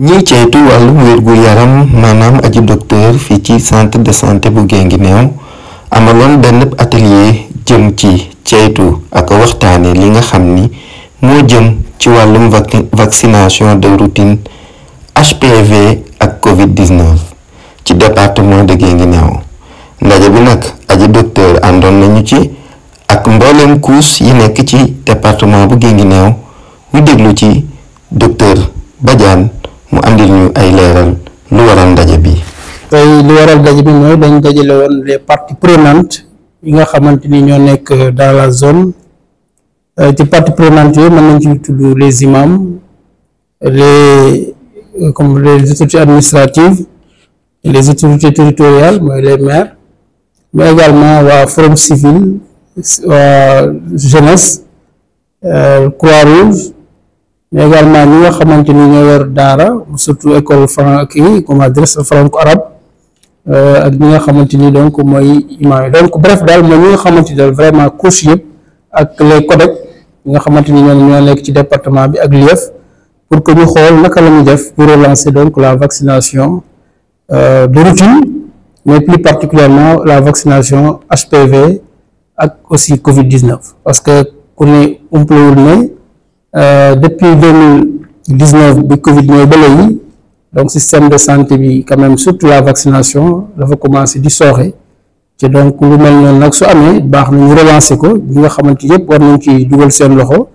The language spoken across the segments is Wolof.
ñiy ceytu wàllu wér-gu-yaram maanaam aji docteur fii ci centre de santé bu géngi Guinguinéo amaloon benn atelier jëm ci ceytu ak waxtaane li nga xam ni moo jëm ci wàllum vaccination de routine HPV ak Covid-19 ci département de Guinguinéo ndaje bi nag aji docteur àndoon nañu ci ak mboolem couches yi nekk ci département bu Guinguinéo ñu déglu ci docteur ñu ay leeral lu waral ndaje bi. lu waral ndaje bi mooy dañ dajale woon les parties prenantes yi nga xamante ni ñoo nekk dans la zone euh, ci parties prenantes yooyu ci tudd les imams les comme les autorités administratives les autorités territoriales mooy les maires mais également waa forum civil waa jeunesse euh, Croix-Rouge mais également ñi nga xamante ni ñoo yor daara surtout école franc kii comme adresse franco arabe euh, ak ñi nga xamante ni donc mooy imam yi donc bref daal mooy ñi nga xamante ni vraiment couche yëpp ak les codec ñi nga xamante ni ñoom ñoo nekk ci département bi ak l'IEF pour que ñu xool naka la ñu def pour relancer donc la vaccination euh, de routine mais plus particulièrement la vaccination HPV ak aussi Covid 19 parce que ku ne umpalewul ne euh, depuis 2019 bi Covid ñëw ba léegi donc système de santé bi quand même surtout la vaccination dafa commencé di sooxe ci donc lu mel noonu nag su amee baax na ñu relancer ko ñi nga xamante yëpp war nañ ci dugal seen loxo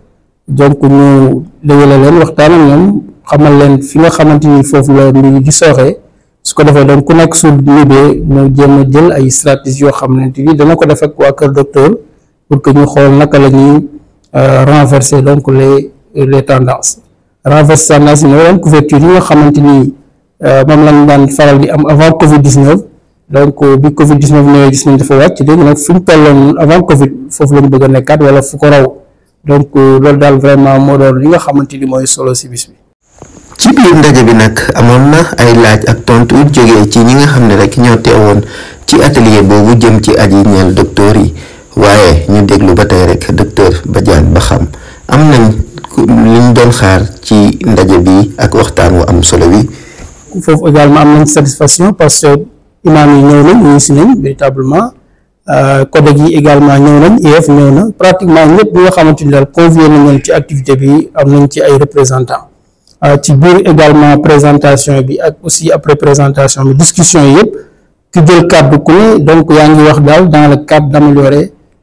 donc ñu lëgale leen waxtaan ak ñoom xamal leen fi nga xamante fofu la ni di sooxee su ko defee donc ku nek su libee mu jëm jël ay stratégies yoo xamante ni dana ko def ak waa kër docteur pour que ñu xol naka la ñuy. Euh, renverser donc les les tendances renverser tendances yi mooy yan couverture nga xamante ni euh, moom lañ daan faral di am avant Covid 19 donc euh, bi Covid 19 ñëwee gis nañ dafa wàcc léegi nag fu ñu tolloon avant Covid foofu lañ bëgg a nekkaat wala fu ko raw donc loolu daal vraiment moo doon li nga xamante ni mooy solo si bis ci biir ndaje bi nag amoon na ay laaj ak tontu jógee ci ñi nga xam ne rek ñoo teewoon ci atelier boobu jëm ci aji ñeel docteur yi. waaye ñu déglu ba tey rek docteur Badiane ba xam am nañ liñ doon xaar ci ndaje bi ak waxtaan wu am solo wi. foofu également am nañ satisfaction parce que imaam yi ñëw nañ si nañ véritablement euh, codec yi également ñëw nañ IEF ñëw na pratiquement ñëpp ñi nga xamante ni daal convié nañ ci activité bi am nañ ci ay représentants euh, ci biir également présentation bi ak aussi après présentation bi discussion yëpp ki jël kàddu ku ne donc yaa ngi wax daal dans le cadre d'améliorer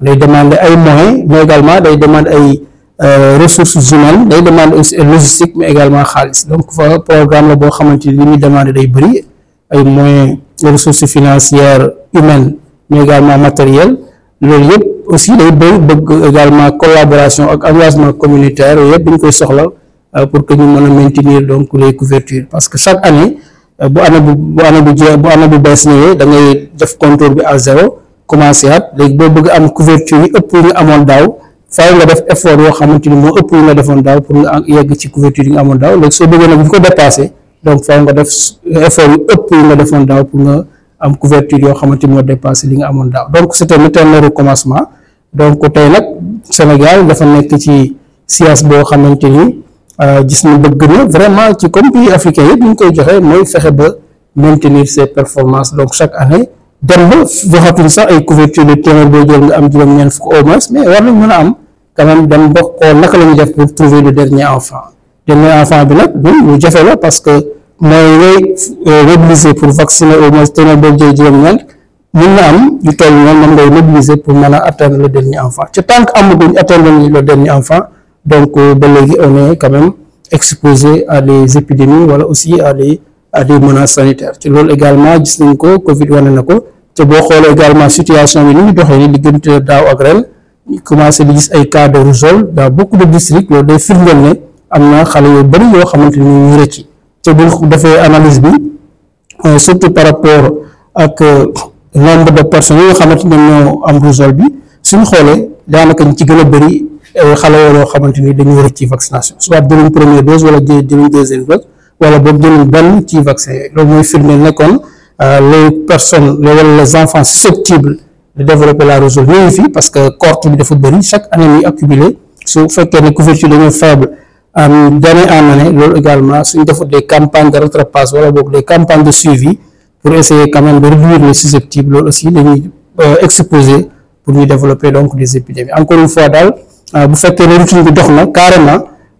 day demande ay moyens mais également day demande ay euh, ressources humaines day demande aussi logistique mais également xaalis donc fa programme la boo xamante ni li muy demande day bëri ay moyens ressources financières humaines mais également matériel loolu yëpp aussi day bëri bëgg également collaboration ak engagement communautaire yooyu yëpp ñu koy soxla euh, pour que ñu mën a maintenir donc les couvertures parce que chaque année euh, bu année bu bu année bu bu bees ñëwee da ngay def contour bi à commencé at léegi boo bëgg am couverture yi ëpp nga amoon daaw faaw nga def effort yoo xamante ni moo ëpp nga defoon daaw pour nga yegg ci couverture yi nga amoon daaw léegi soo bëggee nag ko dépassé donc faaw nga def nga defoon daaw pour nga am couverture yoo xamante ni moo dépassé li nga amoon daaw donc c'était le recommencement donc tey nag Sénégal dafa nekk ci science boo xamante ni euh, gis na bëgg na vraiment ci comme pays africain yëpp ñu koy joxe mooy fexe ba maintenir ses performances donc chaque année dem ba waxatuñ sax ay couverture de téeméer boo jël nga am juróom-ñeent fukk au moins mais war nañ mën a am quand même dem ba xool naka la ñuy def pour trouver le dernier enfant dernier enfant bi nag du lu la parce que mooy ngay euh, mobiliser pour vacciner au moins téeméer boo jël juróom-ñeent mën na am lu toll noonu moom ngay mobiliser pour mën a atteindre le dernier enfant ci tant que amaguñ atteindre nañ le dernier enfant donc euh, ba léegi on est quand même exposé à des épidémies wala aussi à des des menaces sanitaires ci loolu également gis nañ ko Covid wane na ko te boo xoolee également situation bi ni ñu doxee ni diggante daaw ak ren ñu commencé di gis ay cas de rougeole dans beaucoup de districts loolu day firndeel ne am na xale yu bëri yoo xamante ni ñu rëcc te bu defee analyse bi euh, surtout par ak euh, nombre de personnes yi nga xamante ne ñoo am rougeole bi suñ xoolee daanaka ñu ci gën a bëri euh, xale yoo xamante ni dañoo rëcc ci vaccination soit jëluñ première dose wala jëluñ deuxième dose. wala boog jëlul benn ci vaccin yooyu loolu mooy firndeel euh, les personnes les les enfants susceptibles de développer la rougeole vie, parce que des bi de vie. chaque année muy accumulé su fekké né couverture couvertures faible euh, d'année en année loolu également suñ également des campagnes de rattrapage wala donc des campagnes de suivi pour essayer quand même de réduire les susceptibles aussi, aussi les euh, exposer pour lui développer donc des épidémies encore une fois dal bu fekké routine bi dox na carrément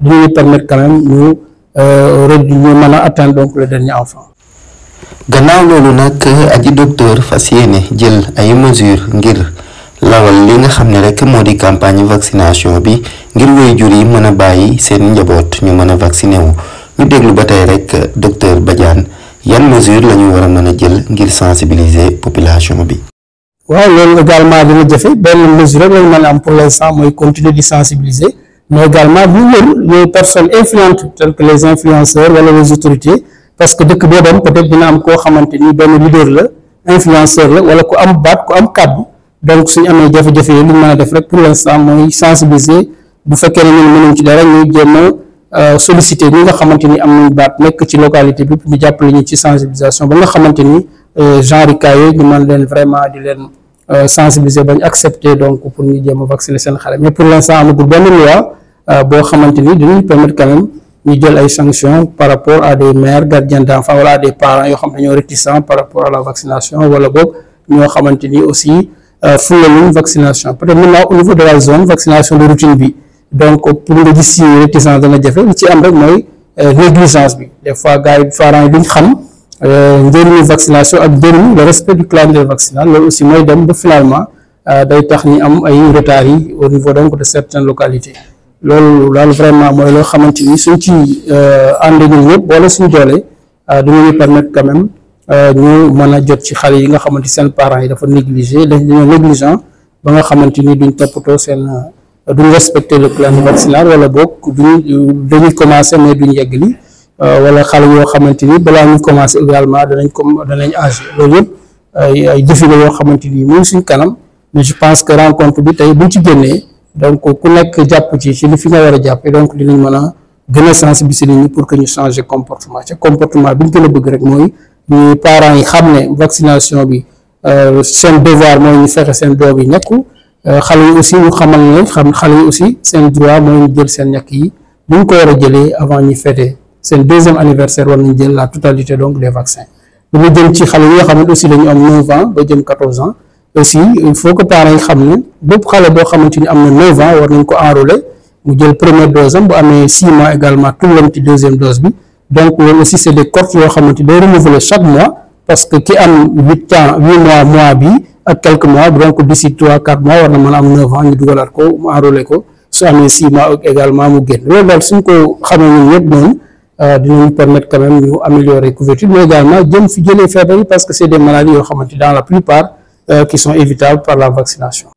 nous permettre quand même ñu euh, ñu mën a atteindre donc le dernier enfant. gannaaw loolu nag aji docteur fas yéene jël ay mesures ngir lawal li nga xam ne rek moo di campagne vaccination bi ngir waajur yi mën a bàyyi seen njaboot ñu mën a vacciné wu ñu déglu ba tey rek docteur Badiane yan mesures la ñu war mën a jël ngir sensibiliser population bi. waaw loolu également dina jafe benn mesure rek la ñu mën am pour l'instant mooy continuer di sensibiliser. mais également vous même les personnes influentes telles que les influenceurs wala les autorités parce que dëkk boo dem peut-être dina am koo xamante ni leader la influenceur la wala ku am baat ku am cadre donc si vous avez jafe yi li ñu mën def pour l'instant mooy sensibiliser bu fekkee ne ñun mënuñ ci dara ñuy jéem a euh, solliciter ñi nga xamante ni am nañ baat nekk ci localité bi ñu jàppale ñu ci sensibilisation ba nga xamante ni euh, genre cas yooyu mën leen vraiment di leen euh, sensibiliser bañ accepter donc pour ñu jéem vacciner seen xale mais pour l'instant amagul benn loi euh, boo xamante ni dinañu permettre quand même ñu jël ay sanctions par rapport à des mères gardiens d'enfants wala à des parents yoo xam ne réticents par rapport à la vaccination wala boog ñoo xamante ni aussi euh, fulaluñ vaccination peut-être maintenant au niveau de la zone vaccination de routine bi donc pour nga gis si réticence dana jafe li ci am rek mooy euh, négligence bi des fois gars yi parents yi duñ xam njëriñu vaccination ak njëriñu le respect du calendrier vaccinal loolu aussi mooy dem ba finalement day tax ni am ay retards yi au niveau donc de certaines localités loolu daal vraiment mooy loo xamante ni suñ ci euh, ànd ñun ñëpp wala suñ doole euh, dinañu permettre quand même euh, ñu mën a jot ci xale yi nga xamante seen parents yi dafa négligé dañoo négligent ba nga xamante ni duñ toppatoo seen duñ respecter le plan vaccinal wala boog duñ dañuy commencé mais duñ yegg li wala xale yoo xamante ni balaa ñu commencé également danañ comme danañ âgé loolu yëpp ay ay défi yoo xamante ni mu suñ kanam mais je pense que rencontre bi tey buñ ci génnee. donc ku nekk jàpp ci ci li fi nga war a jàppee donc li mën a gën a sensibiliser nit ñi pour que ñu changer comportement ca comportement bi ñu gën a bëgg rek mooy ñu parents yi xam ne vaccination bi euh, seen devoir mooy ñu fexe seen doom yi ñàkku euh, xale yi aussi ñu xamal ne xam xale yi aussi seen droit mooy ñu jël seen ñàkk yi ni ñu ko war a jëlee avant ñuy fêter seen deuxième anniversaire war nañ jël la totalité donc des vaccins bu ñu jëm ci xale yi nga xam ne aussi dañu am 9 ans ba jëm 14 ans aussi il faut que parents yi xam ne bépp xale boo xamante ni am na 9 ans war nañ ko enrôler mu jël première dose am bu amee 6 mois également tullam deuxième dose bi donc loolu aussi c'est des cortes yoo xamante day renouveler chaque mois parce que ki am 8 ans 8 mois mois bi ak quelques mois donc d'ici 3 4 mois war na mën a am 9 ans ñu dugalaat ko mu enrôler ko su amee 6 mois également mu génn loolu daal suñ ko xamee ñun ñëpp noonu euh, permettre quand même ñu améliorer couverture mais également jëm fi jëlee feebar parce que c'est des maladies yoo xamante dans la plupart euh, qui sont évitables par la vaccination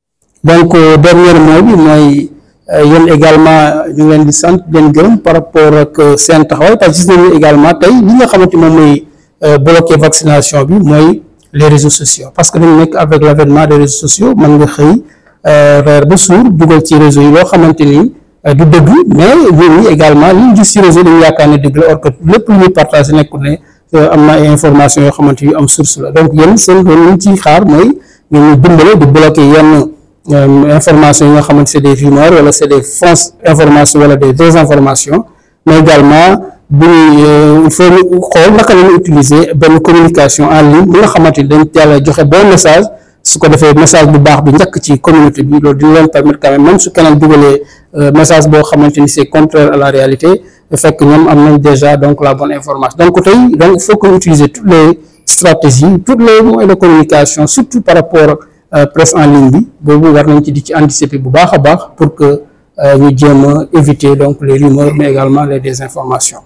donc euh, dernier mot bi y a euh, également une ngi leen di par rapport que seen taxawaay parce que également tey li nga xamante moom mooy vaccination bi les réseaux sociaux parce que nous, avec l'avènement des réseaux sociaux nous nga xëy reer ba suur dugal ci réseau yi loo xamante du début. mais ñun également liñ gis ci réseau dañu yaakaar ne dëgg la or que lépp lu partagé nekku euh, am na ay information yoo xamante yu am source la donc yéen seen loolu ñu ciy xaar mooy ñu ñu dimbale di bloquer yenn euh, information yi nga xamante c'est des rumeurs wala c'est des fausses informations wala des désinformations mais également bu ñu euh, il faut ñu xool naka la ñu utiliser benn communication en ligne bu nga xamante ni dañ teel a joxe bon message su ko defee message bu baax bi njëkk ci communauté bi loolu dina leen permettre quand même même su keneen dugalee message boo xamante ni c'est contraire à la réalité le fait que nous avons déjà donc, la bonne information. Donc, il faut qu'on utilise toutes les stratégies, toutes les moyens de communication, surtout par rapport à euh, la presse en ligne, pour que nous euh, nous éviter donc, les rumeurs, mais également les désinformations.